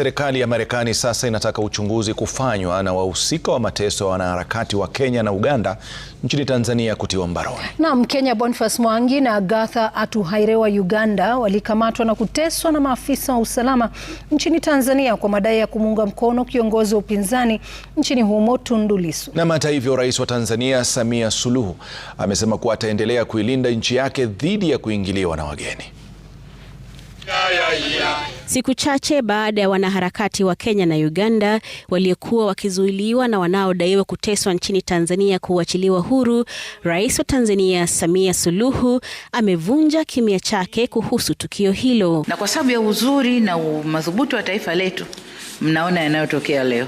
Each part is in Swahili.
Serikali ya Marekani sasa inataka uchunguzi kufanywa na wahusika wa mateso ya wanaharakati wa Kenya na Uganda nchini Tanzania kutiwa mbaroni. Naam, kenya Boniface Mwangi na Agatha Atuhaire wa Uganda walikamatwa na kuteswa na maafisa wa usalama nchini Tanzania kwa madai ya kumuunga mkono kiongozi wa upinzani nchini humo Tundu Lissu. Na hata hivyo, Rais wa Tanzania Samia Suluhu amesema kuwa ataendelea kuilinda nchi yake dhidi ya kuingiliwa na wageni. Yeah, yeah, yeah siku chache baada ya wanaharakati wa Kenya na Uganda waliokuwa wakizuiliwa na wanaodaiwa kuteswa nchini Tanzania kuachiliwa huru, Rais wa Tanzania Samia Suluhu amevunja kimya chake kuhusu tukio hilo. Na kwa sababu ya uzuri na madhubuti wa taifa letu, mnaona yanayotokea leo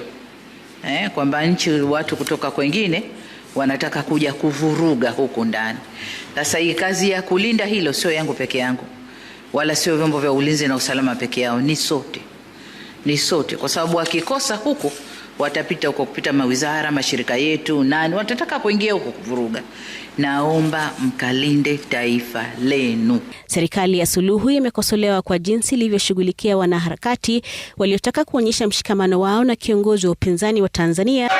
eh, kwamba nchi watu kutoka kwengine wanataka kuja kuvuruga huku ndani. Sasa hii kazi ya kulinda hilo sio yangu peke yangu wala sio vyombo vya ulinzi na usalama peke yao, ni sote, ni sote, kwa sababu wakikosa huko watapita huko, kupita mawizara, mashirika yetu, nani watataka kuingia huko kuvuruga. Naomba mkalinde taifa lenu. Serikali ya Suluhu imekosolewa kwa jinsi ilivyoshughulikia wanaharakati waliotaka kuonyesha mshikamano wao na kiongozi wa upinzani wa Tanzania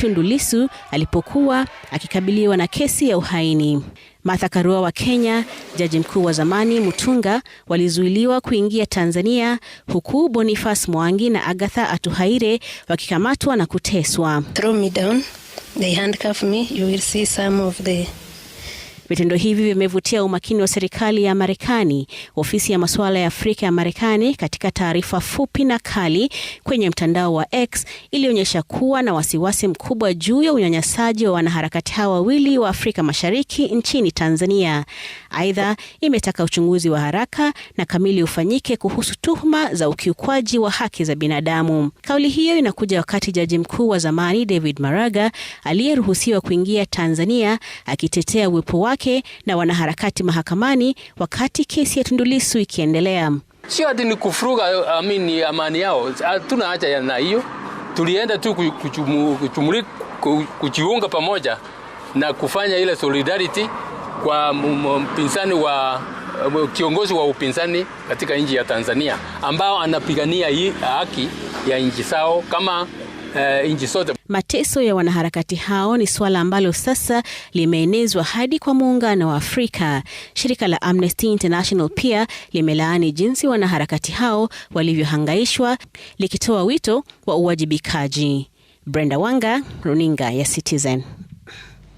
Tundu Lissu alipokuwa akikabiliwa na kesi ya uhaini. Martha Karua wa Kenya, jaji mkuu wa zamani Mutunga walizuiliwa kuingia Tanzania, huku Boniface Mwangi na Agatha Atuhaire wakikamatwa na kuteswa. Vitendo hivi vimevutia umakini wa serikali ya Marekani. Ofisi ya masuala ya Afrika ya Marekani, katika taarifa fupi na kali kwenye mtandao wa X, ilionyesha kuwa na wasiwasi mkubwa juu ya unyanyasaji wa wanaharakati hawa wawili wa Afrika Mashariki nchini Tanzania. Aidha, imetaka uchunguzi wa haraka na kamili ufanyike kuhusu tuhuma za ukiukwaji wa haki za binadamu. Kauli hiyo inakuja wakati jaji mkuu wa zamani David Maraga aliyeruhusiwa kuingia Tanzania akitetea uwepo wake wake na wanaharakati mahakamani wakati kesi ya Tundulisu ikiendelea. Sio ati ni kufuruga amini amani yao, hatuna haja ya na hiyo. Tulienda tu kuchiunga pamoja na kufanya ile solidarity kwa mpinzani wa kiongozi wa upinzani katika nchi ya Tanzania ambao anapigania hii haki ya nchi zao kama uh, nchi zote. Mateso ya wanaharakati hao ni suala ambalo sasa limeenezwa hadi kwa muungano wa Afrika. Shirika la Amnesty International pia limelaani jinsi wanaharakati hao walivyohangaishwa likitoa wito wa uwajibikaji. Brenda Wanga, Runinga ya Citizen.